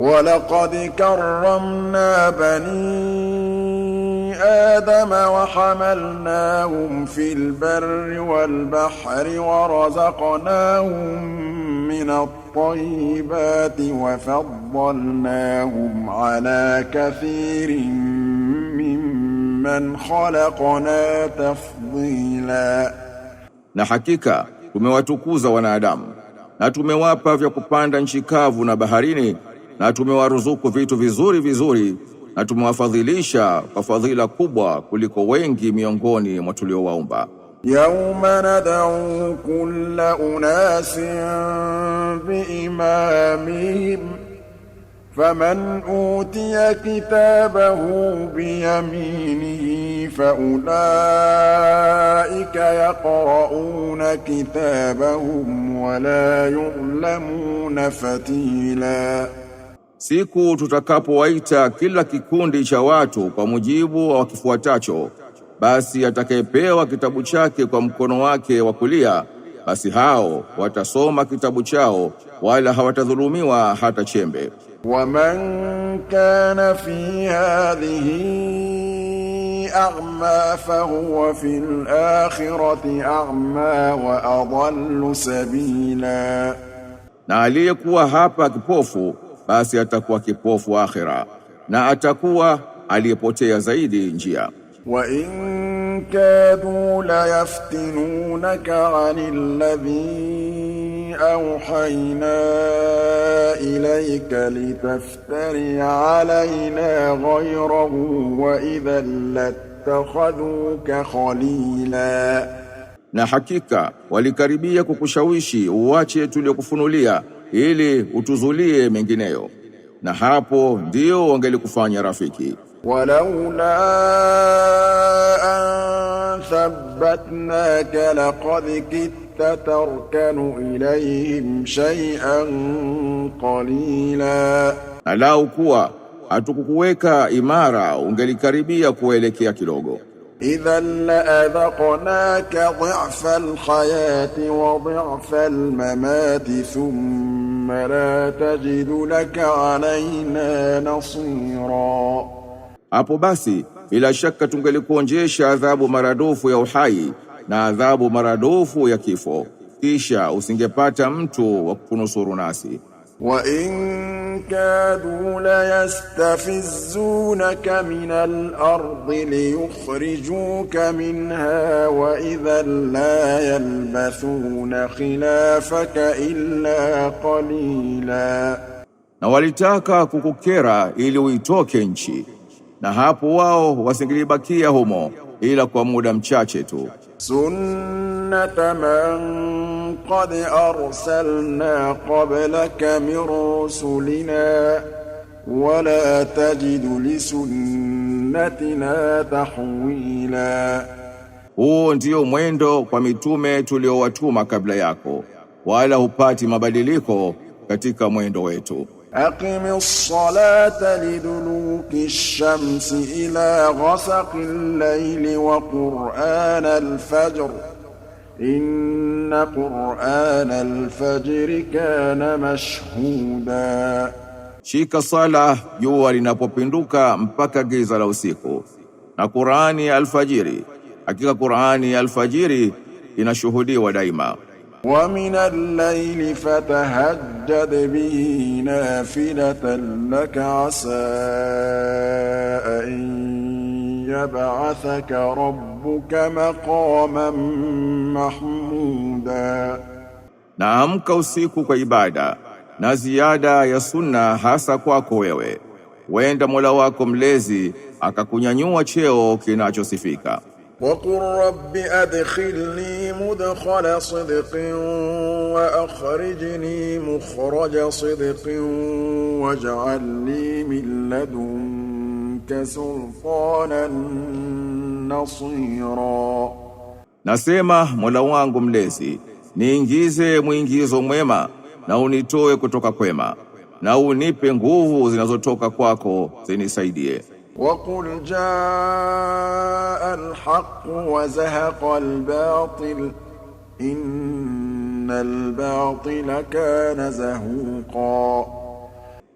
وَلَقَدْ كَرَّمْنَا بَنِي آدَمَ وَحَمَلْنَاهُمْ فِي الْبَرِّ وَالْبَحْرِ وَرَزَقْنَاهُم مِّنَ الطَّيِّبَاتِ وَفَضَّلْنَاهُمْ عَلَىٰ كَثِيرٍ مِّمَّنْ خَلَقْنَا تَفْضِيلًا na كما tumewatukuza wanadamu na tumewapa vya kupanda nchi kavu na baharini na tumewaruzuku vitu vizuri vizuri na tumewafadhilisha kwa fadhila kubwa kuliko wengi miongoni mwa tuliowaumba. Yauma nad'u kulla unasin biimamihim faman utiya kitabahu biyaminihi faulaika yaqrauna kitabahum wala yulamuna fatila siku tutakapowaita kila kikundi cha watu kwa mujibu wa kifuatacho, basi atakayepewa kitabu chake kwa mkono wake wa kulia, basi hao watasoma kitabu chao, wala hawatadhulumiwa hata chembe. waman kana fi hadhihi a'ma fahuwa fil akhirati a'ma wa adallu sabila, na aliyekuwa hapa kipofu basi atakuwa kipofu akhira na atakuwa aliyepotea zaidi njia. wa in kadu la yaftinunaka anil ladhi awhayna ilayka litaftari alayna ghayrahu wa idhan lattakhadhuka khalila, na hakika walikaribia kukushawishi uache tuliokufunulia ili utuzulie mengineyo, na hapo ndio wangelikufanya rafiki. walaula an thabbatnaka laqad kitta tarkanu ilayhim shay'an qalila, na lau kuwa hatukukuweka imara ungelikaribia kuelekea kidogo. Idhan la laadhaqnaka dhi'fa alhayati wa dhi'fa almamati thumma ثم la tajidu laka alaina nasira, hapo basi bila shaka tungelikuonjesha adhabu maradufu ya uhai na adhabu maradufu ya kifo, kisha usingepata mtu wa kunusuru nasi. وَإِن كَادُوا لَيَسْتَفِزُّونَكَ مِنَ الْأَرْضِ لِيُخْرِجُوكَ مِنْهَا وَإِذًا لَّا يَلْبَثُونَ خِلَافَكَ إِلَّا قَلِيلًا Na walitaka kukukera ili uitoke nchi na hapo wao wasingilibakia humo ila kwa muda mchache tu sunnata man قد أرسلنا قبلك من رسلنا ولا تجد لسنتنا تحويلا Huu ndio mwendo kwa mitume tuliowatuma kabla yako, wala hupati mabadiliko katika mwendo wetu. أقم الصلاة لدلوك الشمس إلى غسق الليل وقرآن الفجر إن قرآن الفجر كان مشهودا شيك صلاة جوار نبوبندوكا مبكا جيزة لوسيكو نقرآن الفجر أكيد قرآن الفجر إن شهودي ودائما ومن الليل فتهجد به نافلة لك عسى أن يبعثك ربك مقاما محمودا na usiku kwa ibada na ziada ya sunna hasa kwako wewe, wenda Mola wako mlezi akakunyanyua cheo kinachosifika. Waqul rabbi adkhilni mudkhala sidqin wa mukhraja sidqin waj'alni min ladun sultanan nasira, nasema Mola wangu mlezi, niingize mwingizo mwema na unitoe kutoka kwema, na unipe nguvu zinazotoka kwako zinisaidie. qul jaa alhaq wa zahaqa albatil innal batil kana zahuqa,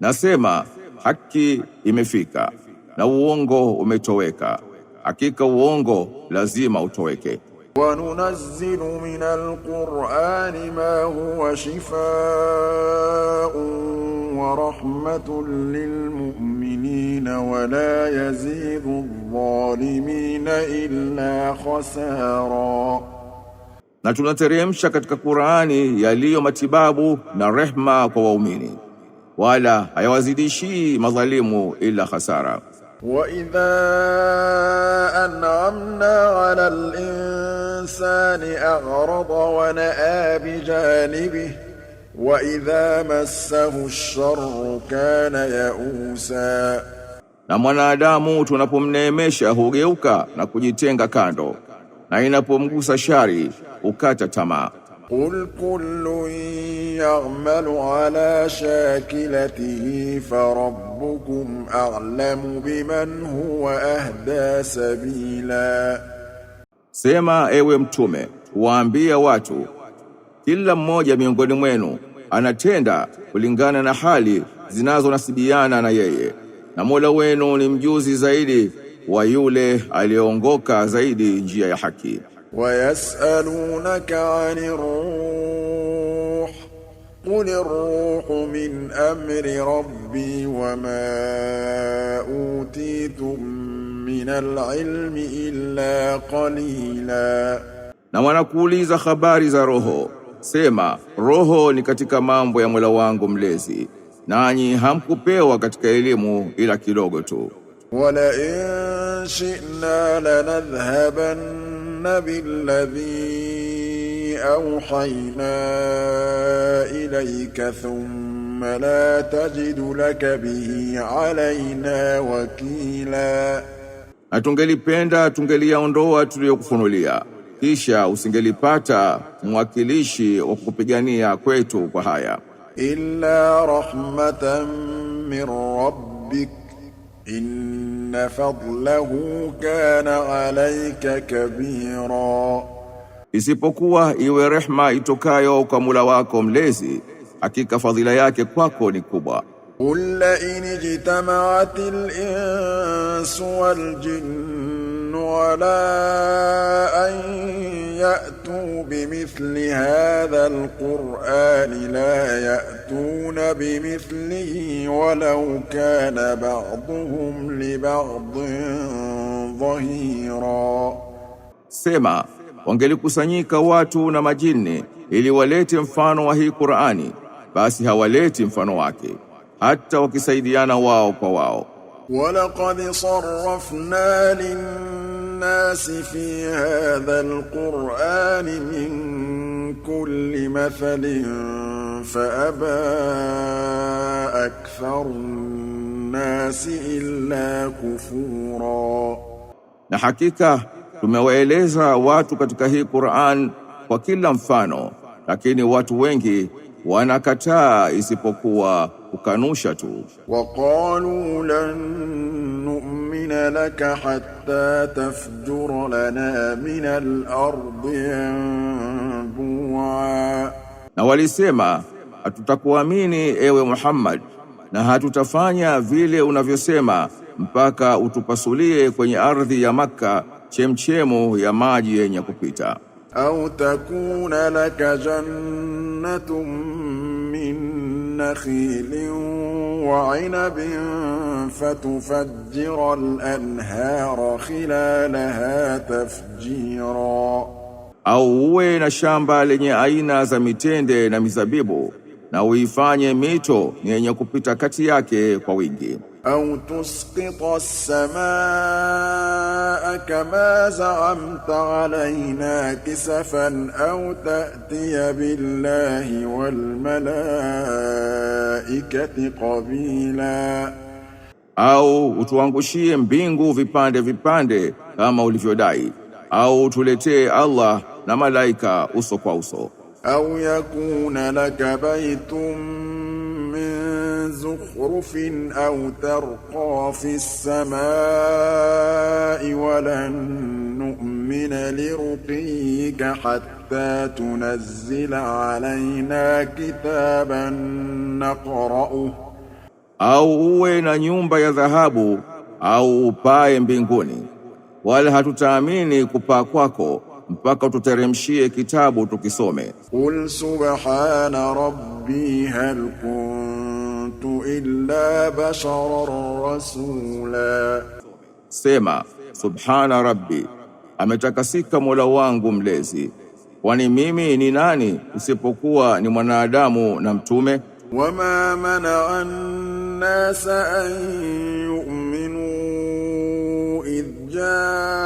nasema haki imefika na uongo umetoweka, hakika uongo lazima utoweke. wa nunazzilu min alqur'ani ma huwa shifaa'un wa rahmatun lilmu'minina wa la yazidu adh-dhalimina illa khasara, na tunateremsha katika Qur'ani yaliyo matibabu na rehma kwa waumini wala hayawazidishi madhalimu ila khasara. وإذا أنعمنا على الإنسان أعرض ونأى بجانبه وإذا مسه الشر كان يئوسا na mwanadamu tunapomneemesha hugeuka na kujitenga kando na inapomgusa shari ukata tamaa قل كل يعمل على شاكلته فربكم أعلم بمن هو أهدى سبيلا Sema ewe mtume waambia watu kila mmoja miongoni mwenu anatenda kulingana na hali zinazonasibiana na yeye na Mola wenu ni mjuzi zaidi wa yule aliyeongoka zaidi njia ya haki ويسألونك عن الروح قل الروح من أمر ربي وما أوتيتم من العلم إلا قليلا na wanakuuliza habari za roho sema roho ni katika mambo ya Mola wangu mlezi nanyi hamkupewa katika elimu ila kidogo tu ولئن شئنا لنذهبن بالذي أوحينا إليك ثم لا تجد لك به علينا وكيلا Atungelipenda tungeliyaondoa tuliyokufunulia, kisha usingelipata mwakilishi wa kupigania kwetu kwa haya. Illa rahmatan min rabbik إن فضله كان عليك كبيرا isipokuwa iwe rehma itokayo kwa Mola wako mlezi, hakika fadhila yake kwako ni kubwa. Qul la in ijtama'atil insu wal jinnu ala an فأتوا بمثل هذا القرآن لا يأتون بمثله ولو كان بعضهم لبعض ظهيرا Sema, wangelikusanyika watu na majini ili walete mfano wa hii Qur'ani, basi hawaleti mfano wake, hata wakisaidiana wao kwa wao ولقد صرفنا للناس في هذا القرآن من كل مثل فأبى أكثر الناس إلا كفورا نحكيك ثم وإليزا katika قرآن Qur'an kwa kila mfano wanakataa isipokuwa kukanusha tu. waqalu lan nu'mina laka hatta tafjura lana min al-ardi yanbu'a, na walisema hatutakuamini ewe Muhammad, na hatutafanya vile unavyosema mpaka utupasulie kwenye ardhi ya Makka chemchemu ya maji yenye kupita. أو تكون لك جنة من نخيل وعنب فتفجر الأنهار خلالها تفجيرا au uwe na shamba lenye aina za mitende na mizabibu na uifanye mito yenye kupita kati yake kwa wingi au tusqita as-samaa كما زعمت علينا كسفا أو تأتي بالله والملائكة قبيلا au utuangushie mbingu vipande vipande kama ulivyodai au utuletee Allah na malaika uso kwa uso au yakuna laka baitun زخرف أو ترقى في السماء ولن نؤمن لرقيك حتى تنزل علينا كتابا نقرأه أو وين نيوم nyumba ya أو au upae mbinguni, wala hatutaamini kupaa mpaka tuteremshie kitabu tukisome. Qul subhana rabbi hal kun illa basharan rasula, sema subhana rabbi, ametakasika Mola wangu mlezi, kwani mimi ni nani isipokuwa ni mwanadamu na mtume. Wama manaa an an yu'minu idh jaa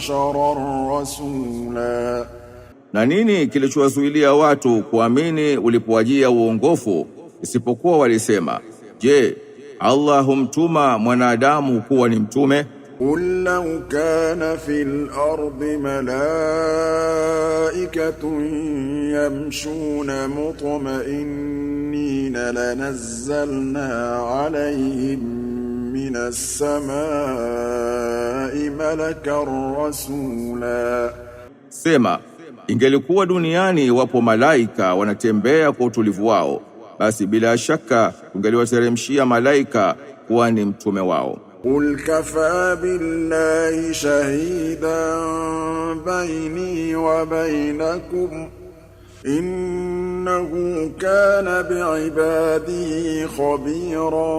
bashara rasula, na nini kilichowazuilia watu kuamini ulipowajia uongofu isipokuwa walisema, je, Allah humtuma mwanadamu kuwa ni mtume? Qul law kana fil ardi malaikatun yamshuna mutma'innina lanazzalna alayhim من as-samaa'i malakan rasula, sema ingelikuwa duniani wapo malaika wanatembea kwa utulivu wao, basi bila shaka ungeliwateremshia malaika kuwa ni mtume wao. Qul kafa billahi shahidan baini wa bainakum إِنَّهُ كَانَ بِعِبَادِهِ خَبِيرًا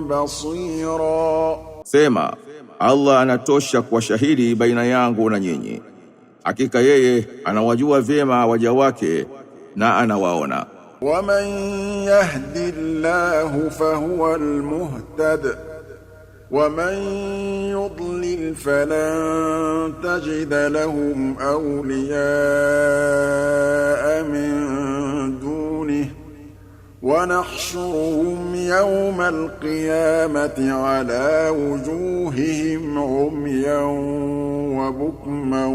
بَصِيرًا Sema, Allah anatosha kwa shahidi baina yangu na nyinyi. Hakika yeye anawajua vyema waja wake na anawaona. وَمَن يَهْدِ اللَّهُ فَهُوَ الْمُهْتَدِ ومن يضلل فلن تجد لهم أولياء من دونه ونحشرهم يوم القيامة على وجوههم عميا وبكما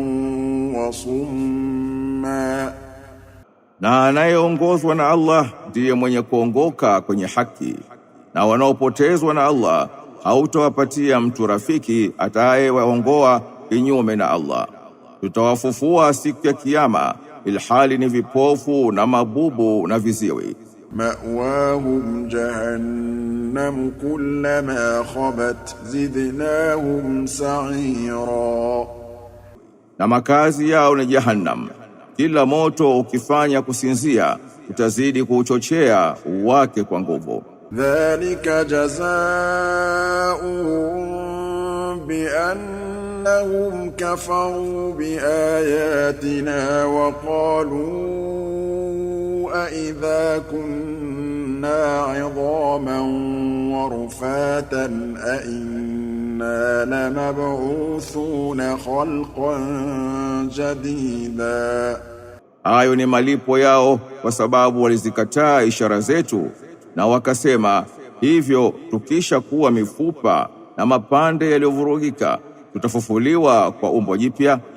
وصما na anayeongozwa na Allah ndiye mwenye kuongoka kwenye haki na wanaopotezwa na Allah hautawapatia mtu rafiki atayewaongoa kinyume na Allah. Tutawafufua siku ya Kiyama ilhali ni vipofu na mabubu na viziwi. mawahum jahannam kullama khabat zidnahum sa'ira, na makazi yao ni Jahannam, kila moto ukifanya kusinzia utazidi kuuchochea uwake kwa nguvu. ذلك جزاء بأنهم كفروا بآياتنا وقالوا أئذا كنا عظاما ورفاتا أئنا لمبعوثون خلقا جديدا ayo ni malipo yao kwa sababu walizikataa ishara zetu Na wakasema hivyo, tukisha kuwa mifupa na mapande yaliyovurugika, tutafufuliwa kwa umbo jipya.